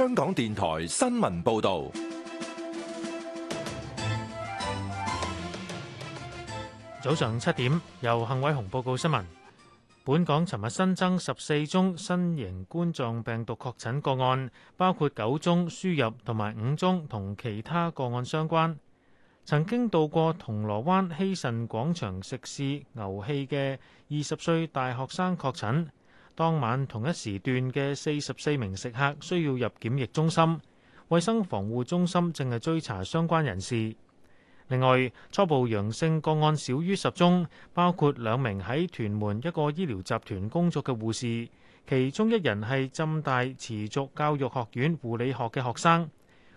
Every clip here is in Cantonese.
香港電台新聞報道，早上七點，由幸偉雄報告新聞。本港尋日新增十四宗新型冠狀病毒確診個案，包括九宗輸入同埋五宗同其他個案相關。曾經到過銅鑼灣希慎廣場食肆牛氣嘅二十歲大學生確診。當晚同一時段嘅四十四名食客需要入檢疫中心，衛生防護中心正係追查相關人士。另外，初步陽性個案少於十宗，包括兩名喺屯門一個醫療集團工作嘅護士，其中一人係浸大持續教育學院護理學嘅學生。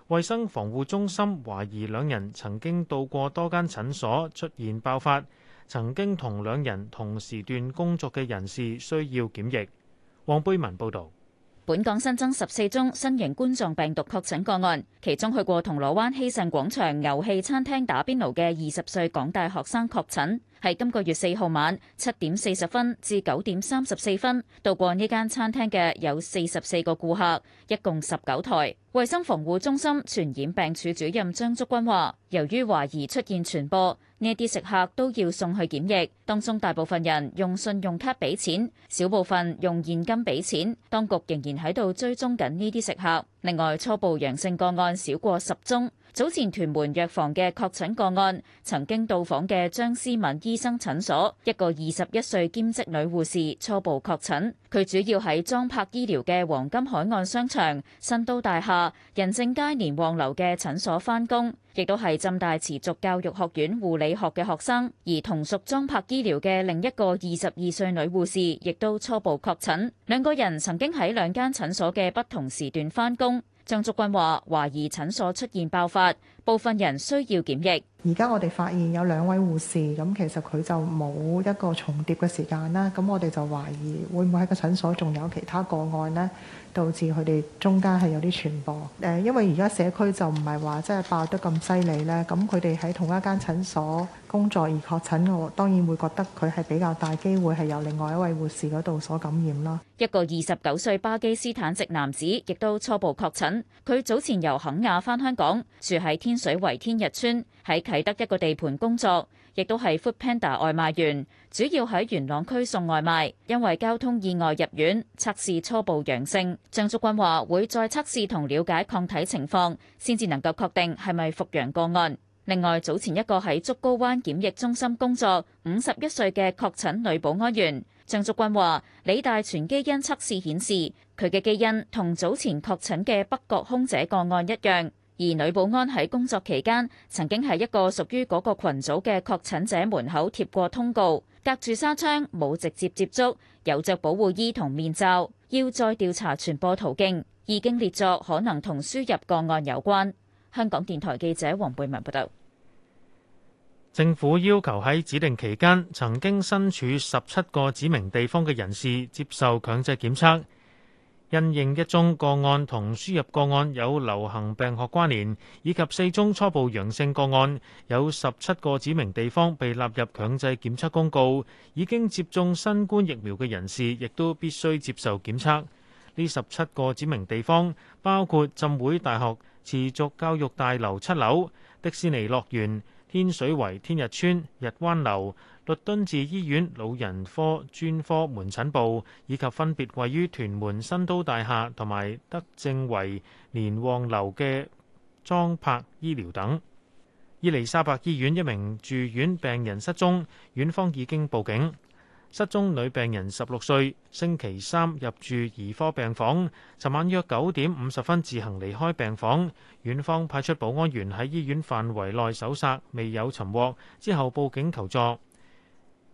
衛生防護中心懷疑兩人曾經到過多間診所，出現爆發。曾經同兩人同時段工作嘅人士需要檢疫。黃貝文報導，本港新增十四宗新型冠狀病毒確診個案，其中去過銅鑼灣希慎廣場牛氣餐廳打邊爐嘅二十歲港大學生確診，係今個月四號晚七點四十分至九點三十四分到過呢間餐廳嘅有四十四個顧客，一共十九台。衞生防護中心傳染病處主任張竹君話，由於懷疑出現傳播。呢啲食客都要送去檢疫，當中大部分人用信用卡俾錢，少部分用現金俾錢。當局仍然喺度追蹤緊呢啲食客。另外，初步陽性個案少過十宗。早前屯門藥房嘅確診個案，曾經到訪嘅張思敏醫生診所，一個二十一歲兼職女護士初步確診。佢主要喺莊柏醫療嘅黃金海岸商場、新都大廈、仁政街連旺樓嘅診所返工，亦都係浸大持續教育學院護理學嘅學生。而同屬莊柏醫療嘅另一個二十二歲女護士，亦都初步確診。兩個人曾經喺兩間診所嘅不同時段返工。張竹君話：懷疑診所出現爆發，部分人需要檢疫。而家我哋發現有兩位護士，咁其實佢就冇一個重疊嘅時間啦。咁我哋就懷疑會唔會喺個診所仲有其他個案呢？導致佢哋中間係有啲傳播，誒，因為而家社區就唔係話即係爆得咁犀利咧，咁佢哋喺同一間診所工作而確診，我當然會覺得佢係比較大機會係由另外一位護士嗰度所感染啦。一個二十九歲巴基斯坦籍男子亦都初步確診，佢早前由肯亞返香港，住喺天水圍天日村，喺啟德一個地盤工作。亦都係 foodpanda 外賣員，主要喺元朗區送外賣，因為交通意外入院，測試初步陽性。張竹君話會再測試同了解抗體情況，先至能夠確定係咪復陽個案。另外早前一個喺竹篙灣檢疫中心工作五十一歲嘅確診女保安員，張竹君話理大全基因測試顯示佢嘅基因同早前確診嘅北角空姐個案一樣。而女保安喺工作期間曾經喺一個屬於嗰個群組嘅確診者門口貼過通告，隔住紗窗，冇直接接觸，有着保護衣同面罩，要再調查傳播途徑，已經列作可能同輸入個案有關，香港電台記者黃貝文報道。政府要求喺指定期間曾經身處十七個指明地方嘅人士接受強制檢測。因應一宗個案同輸入個案有流行病學關聯，以及四宗初步陽性個案，有十七個指明地方被納入強制檢測公告。已經接種新冠疫苗嘅人士亦都必須接受檢測。呢十七個指明地方包括浸會大學持續教育大樓七樓、迪士尼樂園、天水圍天日邨、日灣樓、律敦治醫院老人科專科門診部，以及分別位於屯門新都大廈同埋德政圍連旺樓嘅莊柏醫療等。伊利沙伯醫院一名住院病人失蹤，院方已經報警。失蹤女病人十六歲，星期三入住兒科病房，尋晚約九點五十分自行離開病房，院方派出保安員喺醫院範圍內搜索，未有尋獲，之後報警求助。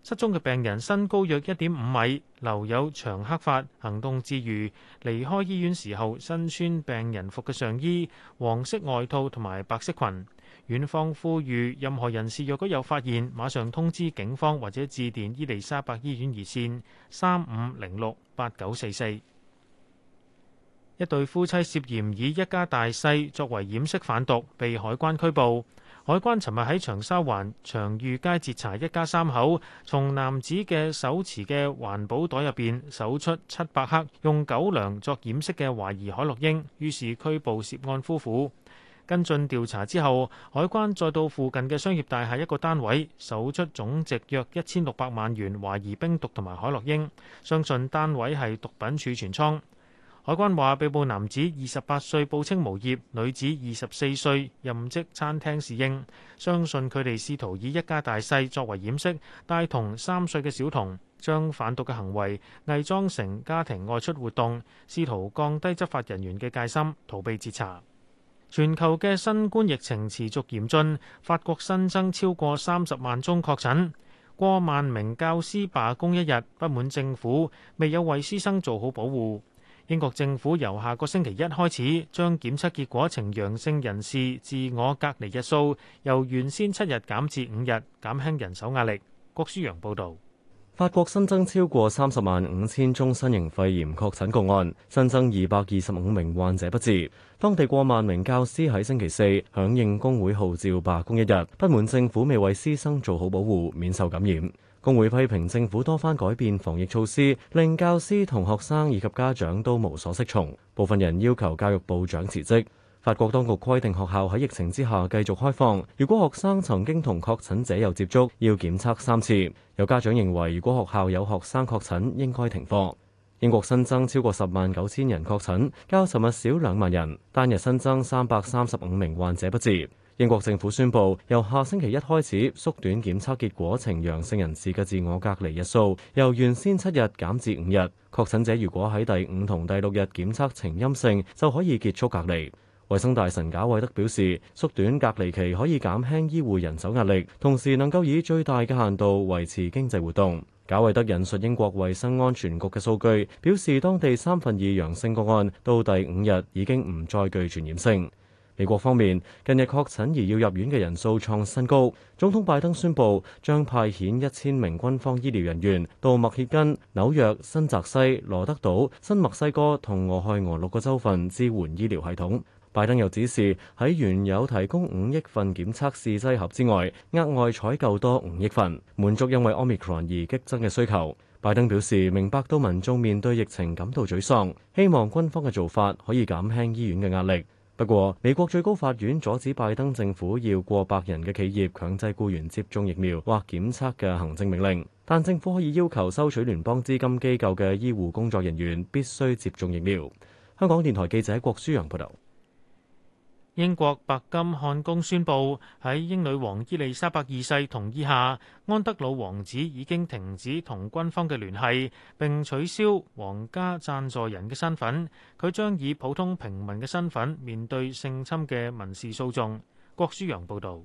失蹤嘅病人身高約一點五米，留有長黑髮，行動自如。離開醫院時候，身穿病人服嘅上衣、黃色外套同埋白色裙。院方呼籲任何人士若果有發現，馬上通知警方或者致電伊利沙伯醫院熱線三五零六八九四四。一對夫妻涉嫌以一家大細作為掩飾販毒，被海關拘捕。海關尋日喺長沙灣長裕街截查一家三口，從男子嘅手持嘅環保袋入邊搜出七百克用狗糧作掩飾嘅懷疑海洛因，於是拘捕涉案夫婦。跟進調查之後，海關再到附近嘅商業大廈一個單位，搜出總值約一千六百萬元懷疑冰毒同埋海洛因，相信單位係毒品儲存倉。海關話，被捕男子二十八歲，報稱無業；女子二十四歲，任職餐廳侍應。相信佢哋試圖以一家大細作為掩飾，帶同三歲嘅小童，將販毒嘅行為偽裝成家庭外出活動，試圖降低執法人員嘅戒心，逃避截查。全球嘅新冠疫情持續嚴峻，法國新增超過三十萬宗確診，過萬名教師罷工一日，不滿政府，未有為師生做好保護。英國政府由下個星期一開始，將檢測結果呈陽性人士自我隔離日數由原先七日減至五日，減輕人手壓力。郭舒陽報導。法國新增超過三十萬五千宗新型肺炎確診個案，新增二百二十五名患者不治。當地過萬名教師喺星期四響應工會號召罷工一日，不滿政府未為師生做好保護，免受感染。工會批評政府多番改變防疫措施，令教師同學生以及家長都無所適從，部分人要求教育部長辭職。法國當局規定學校喺疫情之下繼續開放。如果學生曾經同確診者有接觸，要檢測三次。有家長認為，如果學校有學生確診，應該停課。英國新增超過十萬九千人確診，較尋日少兩萬人，單日新增三百三十五名患者不治。英國政府宣布，由下星期一開始縮短檢測結果呈陽性人士嘅自我隔離日數，由原先七日減至五日。確診者如果喺第五同第六日檢測呈陰性，就可以結束隔離。衛生大臣賈維德表示，縮短隔離期可以減輕醫護人手壓力，同時能夠以最大嘅限度維持經濟活動。賈維德引述英國衛生安全局嘅數據，表示當地三分二陽性個案到第五日已經唔再具傳染性。美國方面，近日確診而要入院嘅人數創新高。總統拜登宣布將派遣一千名軍方醫療人員到麥歇根、紐約、新澤西、羅德島、新墨西哥同俄亥俄六個州份支援醫療系統。拜登又指示喺原有提供五億份檢測試劑盒之外，額外採購多五億份，滿足因為 Omicron 而激增嘅需求。拜登表示，明白到民眾面對疫情感到沮喪，希望軍方嘅做法可以減輕醫院嘅壓力。不過，美國最高法院阻止拜登政府要過百人嘅企業強制僱員接種疫苗或檢測嘅行政命令，但政府可以要求收取聯邦資金機構嘅醫護工作人員必須接種疫苗。香港電台記者郭舒陽報道。英國白金漢宮宣布，喺英女王伊麗莎白二世同意下，安德魯王子已經停止同軍方嘅聯繫，並取消皇家贊助人嘅身份。佢將以普通平民嘅身份面對性侵嘅民事訴訟。郭舒揚報導。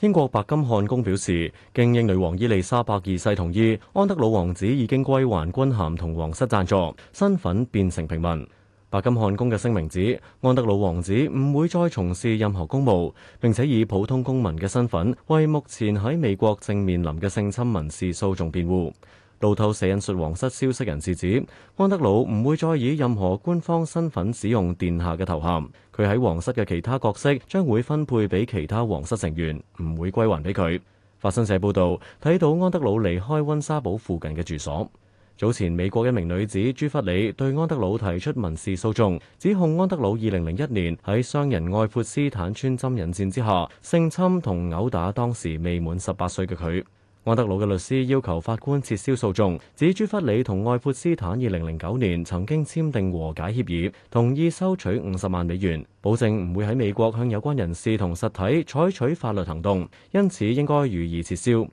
英國白金漢宮表示，經英女王伊麗莎白二世同意，安德魯王子已經歸還軍銜同皇室贊助，身份變成平民。白金漢宮嘅聲明指，安德魯王子唔會再從事任何公務，並且以普通公民嘅身份為目前喺美國正面臨嘅性侵民事訴訟辯護。路透社引述皇室消息人士指，安德魯唔會再以任何官方身份使用殿下嘅頭銜。佢喺皇室嘅其他角色將會分配俾其他皇室成員，唔會歸還俾佢。法新社報導，睇到安德魯離開溫莎堡附近嘅住所。早前，美國一名女子朱弗里對安德魯提出民事訴訟，指控安德魯二零零一年喺商人愛潑斯坦穿針引線之下，性侵同毆打當時未滿十八歲嘅佢。安德魯嘅律師要求法官撤銷訴訟，指朱弗里同愛潑斯坦二零零九年曾經簽訂和解協議，同意收取五十萬美元，保證唔會喺美國向有關人士同實體採取法律行動，因此應該予以撤銷。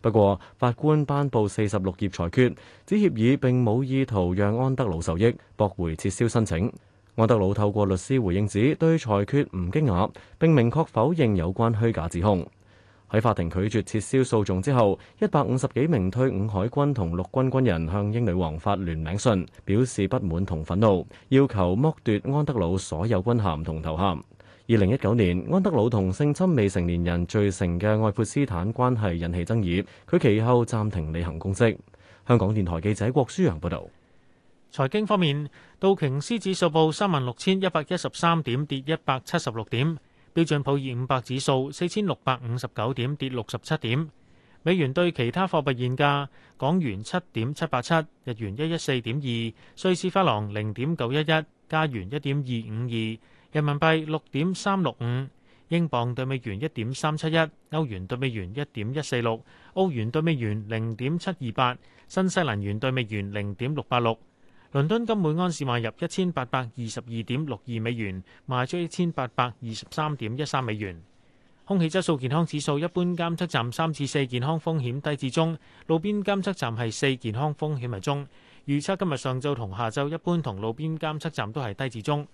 不過，法官頒布四十六頁裁決，指協議並冇意圖讓安德魯受益，駁回撤銷申請。安德魯透過律師回應指對裁決唔驚訝，並明確否認有關虛假指控。喺法庭拒絕撤銷訴訟之後，一百五十幾名退伍海軍同陸軍軍人向英女王發聯名信，表示不滿同憤怒，要求剝奪安德魯所有軍銜同頭銜。二零一九年，安德魯同性侵未成年人罪成嘅愛潑斯坦關係引起爭議，佢其後暫停履行公職。香港電台記者郭舒揚報道。財經方面，道瓊斯指數報三萬六千一百一十三點，跌一百七十六點；標準普爾五百指數四千六百五十九點，跌六十七點。美元對其他貨幣現價：港元七點七八七，日元一一四點二，瑞士法郎零點九一一，加元一點二五二。人民幣六點三六五，英鎊對美元一點三七一，歐元對美元一點一四六，澳元對美元零點七二八，新西蘭元對美元零點六八六。倫敦金每安士賣入一千八百二十二點六二美元，賣出一千八百二十三點一三美元。空氣質素健康指數，一般監測站三至四，健康風險低至中，路邊監測站係四，健康風險為中。預測今日上晝同下晝，一般同路邊監測站都係低至中。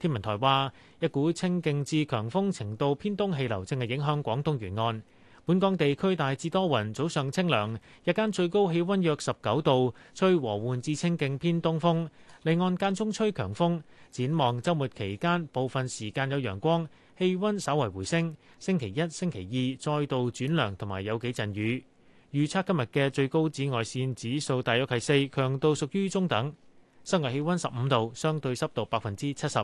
天文台話一股清勁至強風程度偏東氣流正係影響廣東沿岸，本港地區大致多雲，早上清涼，日間最高氣溫約十九度，吹和緩至清勁偏東風，離岸間中吹強風。展望週末期間部分時間有陽光，氣溫稍為回升。星期一、星期二再度轉涼同埋有幾陣雨。預測今日嘅最高紫外線指數大約係四，強度屬於中等。室外氣溫十五度，相對濕度百分之七十。